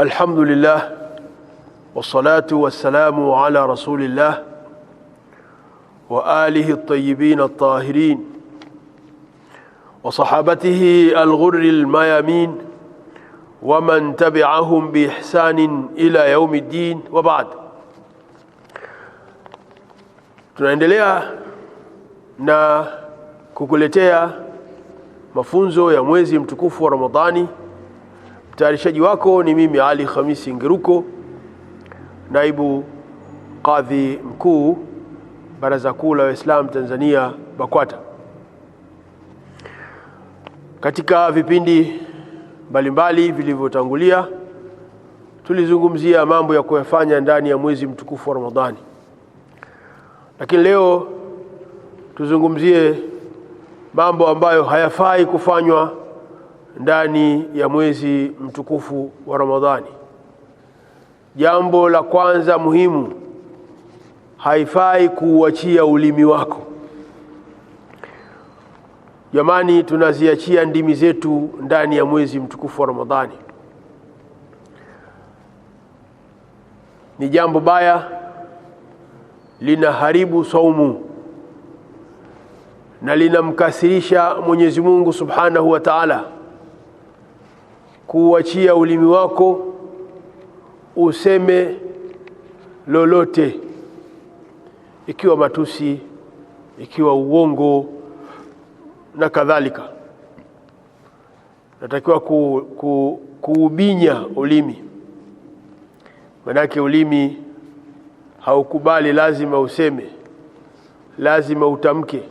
الحمد لله والصلاة والسلام على رسول الله وآله الطيبين الطاهرين وصحابته الغر الميامين ومن تبعهم بإحسان إلى يوم الدين وبعد تنعندليا نا كوكولتيا مفونزو يا mwezi متكوف ورمضاني رمضاني Mtayarishaji wako ni mimi Ali Khamisi Ngeruko, naibu kadhi mkuu Baraza Kuu la Waislamu Tanzania BAKWATA. Katika vipindi mbalimbali vilivyotangulia tulizungumzia mambo ya kuyafanya ndani ya mwezi mtukufu wa Ramadhani, lakini leo tuzungumzie mambo ambayo hayafai kufanywa ndani ya mwezi mtukufu wa Ramadhani. Jambo la kwanza muhimu, haifai kuuachia ulimi wako. Jamani, tunaziachia ndimi zetu ndani ya mwezi mtukufu wa Ramadhani. Ni jambo baya, linaharibu saumu na linamkasirisha Mwenyezi Mungu Subhanahu wa Ta'ala kuuachia ulimi wako useme lolote, ikiwa matusi, ikiwa uongo na kadhalika. Natakiwa ku, ku, kuubinya ulimi, manake ulimi haukubali, lazima useme, lazima utamke.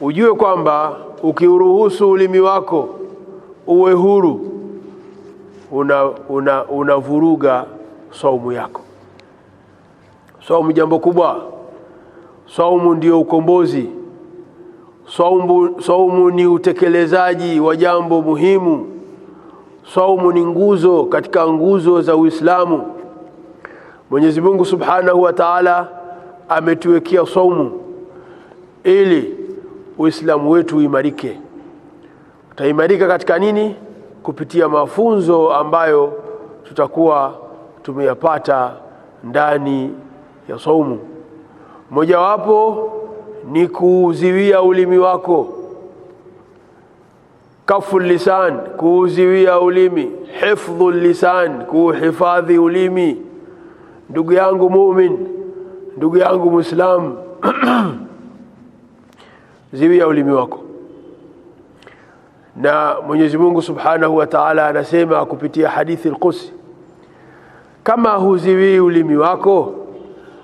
Ujue kwamba ukiuruhusu ulimi wako uwe huru, unavuruga una, una saumu yako. Saumu jambo kubwa. Saumu ndio ukombozi. Saumu, saumu ni utekelezaji wa jambo muhimu. Saumu ni nguzo katika nguzo za Uislamu. Mwenyezi Mungu Subhanahu wa Ta'ala ametuwekea saumu ili Uislamu wetu uimarike tutaimarika katika nini? Kupitia mafunzo ambayo tutakuwa tumeyapata ndani ya saumu. Mojawapo ni kuuziwia ulimi wako, kafu lisan, kuuziwia ulimi, hifdhu lisan, kuuhifadhi ulimi. Ndugu yangu mumin, ndugu yangu muislam, ziwia ulimi wako na Mwenyezi Mungu Subhanahu wa Ta'ala anasema kupitia hadithi al-Qudsi, kama huziwii ulimi wako,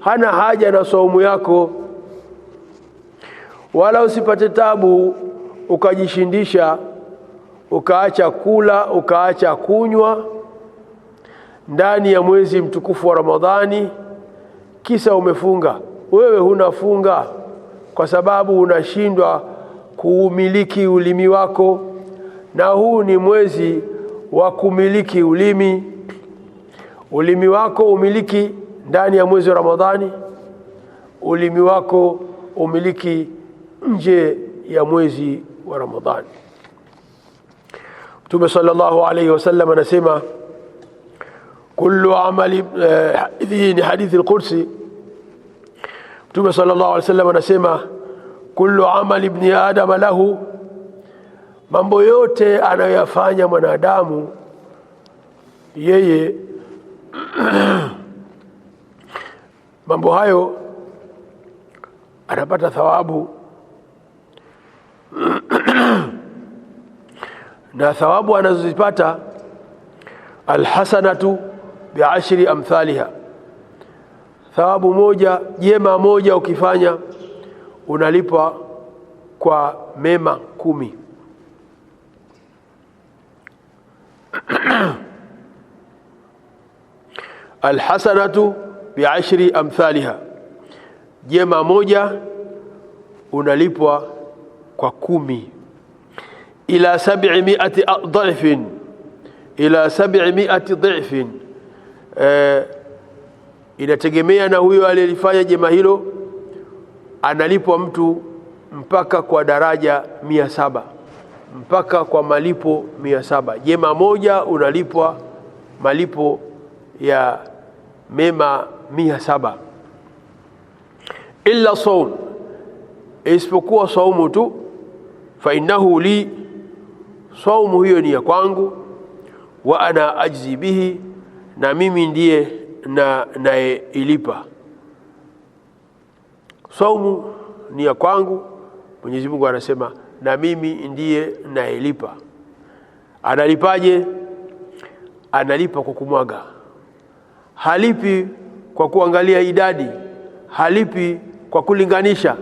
hana haja na saumu yako, wala usipate tabu ukajishindisha, ukaacha kula, ukaacha kunywa ndani ya mwezi mtukufu wa Ramadhani, kisa umefunga. Wewe hunafunga kwa sababu unashindwa kuumiliki ulimi wako na huu ni mwezi wa kumiliki ulimi. Ulimi wako umiliki ndani ya mwezi wa Ramadhani, ulimi wako umiliki nje ya mwezi wa Ramadhani. Mtume sallallahu alayhi wasallam anasema kullu amali, eh, hii ni hadithi al-Qudsi. Mtume sallallahu alayhi wasallam anasema kullu amali ibni adama lahu Mambo yote anayoyafanya mwanadamu yeye mambo hayo anapata thawabu na thawabu anazozipata alhasanatu biashri amthaliha, thawabu moja jema moja ukifanya unalipwa kwa mema kumi. alhasanatu biashri amthaliha, jema moja unalipwa kwa kumi. Ila sabii miati dhifin, ila sabii miati dhifin. E, inategemea na huyo aliyelifanya jema hilo, analipwa mtu mpaka kwa daraja mia saba mpaka kwa malipo mia saba. Jema moja unalipwa malipo ya mema mia saba, illa saum, isipokuwa saumu tu. Fa innahu li, saumu hiyo ni ya kwangu, wa ana ajzi bihi, na mimi ndiye na ilipa. Saumu ni ya kwangu. Mwenyezi Mungu anasema na mimi ndiye nayelipa. Analipaje? Analipa kwa kumwaga, halipi kwa kuangalia idadi, halipi kwa kulinganisha,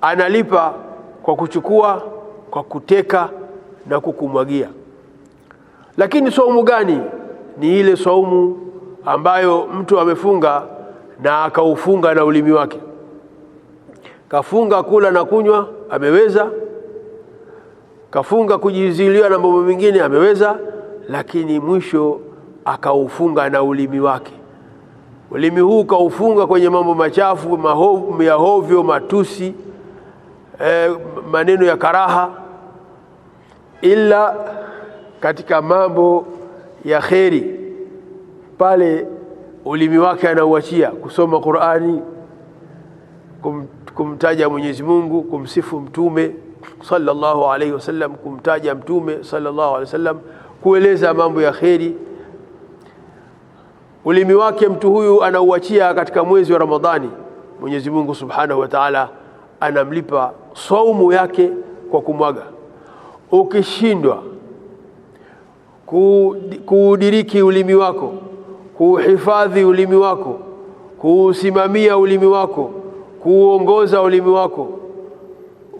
analipa kwa kuchukua, kwa kuteka na kukumwagia. Lakini saumu gani? Ni ile saumu ambayo mtu amefunga na akaufunga na ulimi wake, kafunga kula na kunywa, ameweza kafunga kujiziliwa na mambo mengine ameweza, lakini mwisho akaufunga na ulimi wake. Ulimi huu kaufunga kwenye mambo machafu mahovu, ya hovyo, matusi eh, maneno ya karaha, ila katika mambo ya kheri pale ulimi wake anauachia kusoma Qur'ani, kum, kumtaja Mwenyezi Mungu, kumsifu mtume sallallahu alaihi wasallam, kumtaja Mtume sallallahu alaihi wasallam, kueleza mambo ya kheri. Ulimi wake mtu huyu anauachia katika mwezi wa Ramadhani, Mwenyezi Mungu subhanahu wa taala anamlipa saumu yake kwa kumwaga. Ukishindwa kuudiriki ulimi wako, kuuhifadhi ulimi wako, kuusimamia ulimi wako, kuuongoza ulimi wako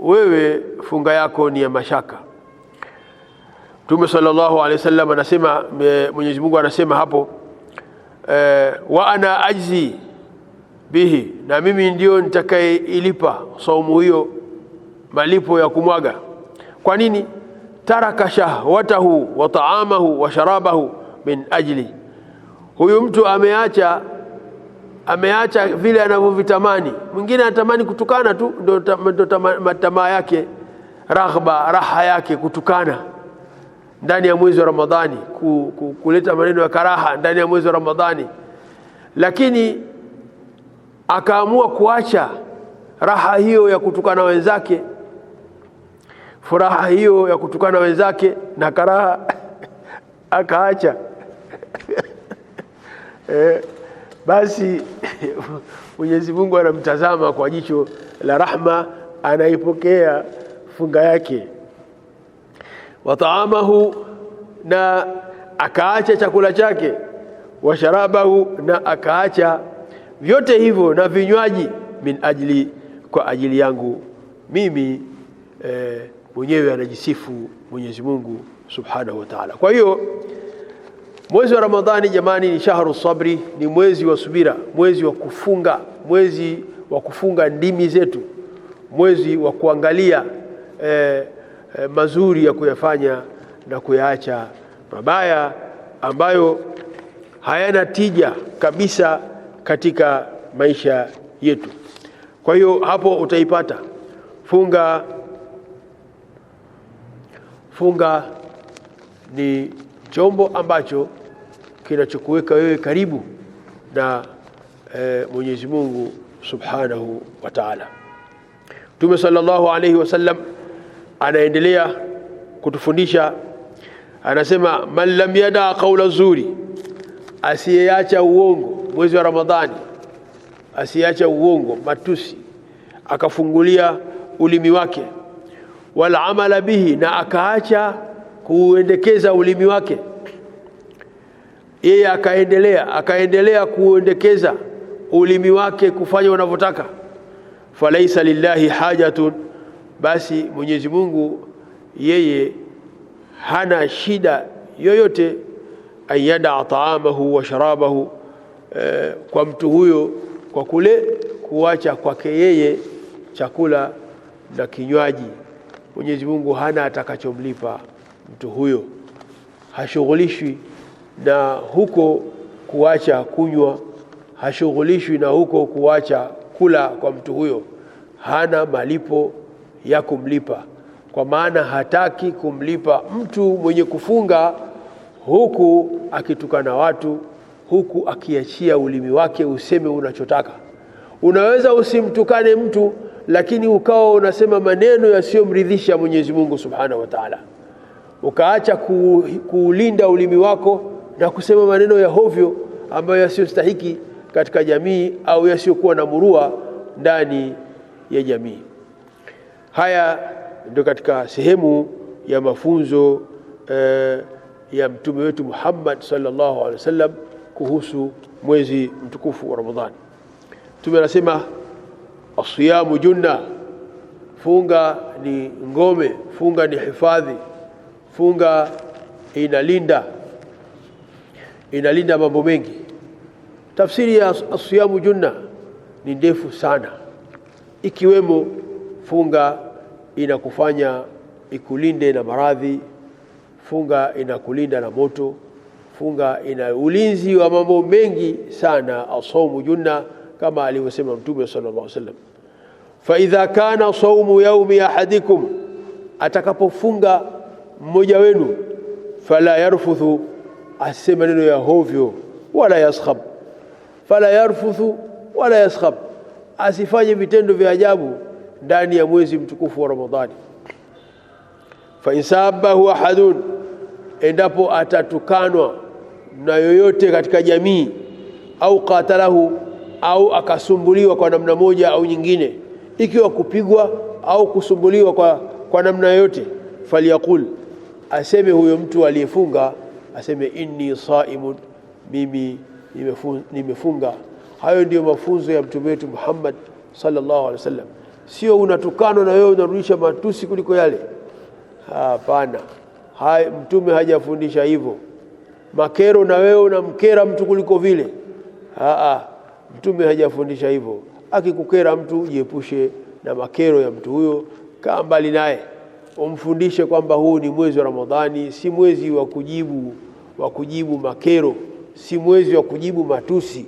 wewe funga yako ni ya mashaka. Mtume sallallahu alaihi wasallam anasema, Mwenyezi Mungu anasema hapo e, wa ana ajzi bihi, na mimi ndio nitakayeilipa saumu hiyo malipo ya kumwaga. Kwa nini? taraka shahwatahu wa taamahu wa sharabahu min ajli, huyu mtu ameacha ameacha vile anavyovitamani. Mwingine anatamani kutukana tu, ndio tamaa tama yake, raghba raha yake kutukana ndani ya mwezi wa Ramadhani, ku, ku, kuleta maneno ya karaha ndani ya mwezi wa Ramadhani, lakini akaamua kuacha raha hiyo ya kutukana wenzake, furaha hiyo ya kutukana wenzake na karaha akaacha eh basi Mwenyezi Mungu anamtazama kwa jicho la rahma, anaipokea funga yake. Wataamahu, na akaacha chakula chake, washarabahu, na akaacha vyote hivyo na vinywaji, min ajli, kwa ajili yangu mimi e, mwenyewe anajisifu Mwenyezi Mungu subhanahu wa taala. Kwa hiyo Mwezi wa Ramadhani jamani, ni shahru sabri, ni mwezi wa subira, mwezi wa kufunga, mwezi wa kufunga ndimi zetu, mwezi wa kuangalia eh, eh, mazuri ya kuyafanya na kuyaacha mabaya ambayo hayana tija kabisa katika maisha yetu. Kwa hiyo hapo utaipata funga. Funga ni chombo ambacho kinachokuweka wewe karibu na e, Mwenyezi Mungu Subhanahu wa Ta'ala. Mtume sallallahu alayhi wasallam anaendelea kutufundisha anasema, man lam yada qaula zuri, asiyeacha uongo mwezi wa Ramadhani, asiyeacha uongo, matusi, akafungulia ulimi wake, wal amala bihi, na akaacha kuendekeza ulimi wake yeye akaendelea akaendelea kuendekeza ulimi wake kufanya wanavyotaka, falaisa lillahi hajatun, basi Mwenyezi Mungu yeye hana shida yoyote anyadaa taamahu wa sharabahu, eh, kwa mtu huyo kwa kule kuacha kwake yeye chakula na kinywaji. Mwenyezi Mungu hana atakachomlipa mtu huyo, hashughulishwi na huko kuacha kunywa, hashughulishwi na huko kuacha kula kwa mtu huyo, hana malipo ya kumlipa, kwa maana hataki kumlipa mtu mwenye kufunga huku akitukana watu, huku akiachia ulimi wake useme unachotaka. Unaweza usimtukane mtu lakini ukawa unasema maneno yasiyomridhisha Mwenyezi Mungu Subhanahu wa Ta'ala, ukaacha ku, kuulinda ulimi wako na kusema maneno ya hovyo ambayo yasiyostahiki katika jamii au yasiyokuwa na murua ndani ya jamii. Haya ndio katika sehemu ya mafunzo eh, ya mtume wetu Muhammad sallallahu alaihi wasallam kuhusu mwezi mtukufu wa Ramadhani. Mtume anasema asiyamu junna, funga ni ngome, funga ni hifadhi, funga inalinda inalinda mambo mengi. Tafsiri ya asiyamu junna ni ndefu sana, ikiwemo funga inakufanya ikulinde na maradhi, funga inakulinda na moto, funga ina ulinzi wa mambo mengi sana. Asaumu junna, kama alivyosema Mtume sallallahu alaihi wasallam, fa idha kana saumu yaumi ahadikum, atakapofunga mmoja wenu, fala yarfuthu asiseme maneno ya hovyo, wala yaskhab, fala yarfuthu wala yaskhab, asifanye vitendo vya ajabu ndani ya mwezi mtukufu wa Ramadhani. Fa insabahu ahadun, endapo atatukanwa na yoyote katika jamii, au qatalahu, au akasumbuliwa kwa namna moja au nyingine, ikiwa kupigwa au kusumbuliwa kwa, kwa namna yoyote, falyaqul, aseme huyo mtu aliyefunga aseme inni saimun, mimi nimefunga. Hayo ndiyo mafunzo ya mtume wetu Muhammad sallallahu alaihi wasallam. Sio unatukanwa na wewe unarudisha matusi kuliko yale, hapana. Hai, mtume hajafundisha hivyo. Makero na wewe unamkera mtu kuliko vile, aa, mtume hajafundisha hivyo. Akikukera mtu jiepushe na makero ya mtu huyo, kaa mbali naye umfundishe kwamba huu ni mwezi wa Ramadhani, si mwezi wa kujibu wa kujibu makero, si mwezi wa kujibu matusi.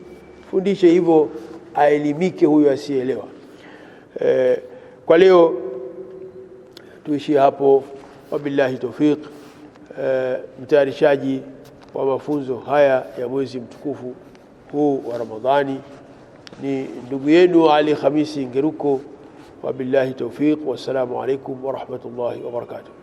Fundishe hivyo, aelimike huyo asielewa. E, eh, kwa leo tuishie hapo, wabillahi tawfiq. E, mtayarishaji wa mafunzo haya ya mwezi mtukufu huu wa Ramadhani ni ndugu yenu Ali Khamisi Ngeruko. وبالله توفيق والسلام عليكم ورحمة الله وبركاته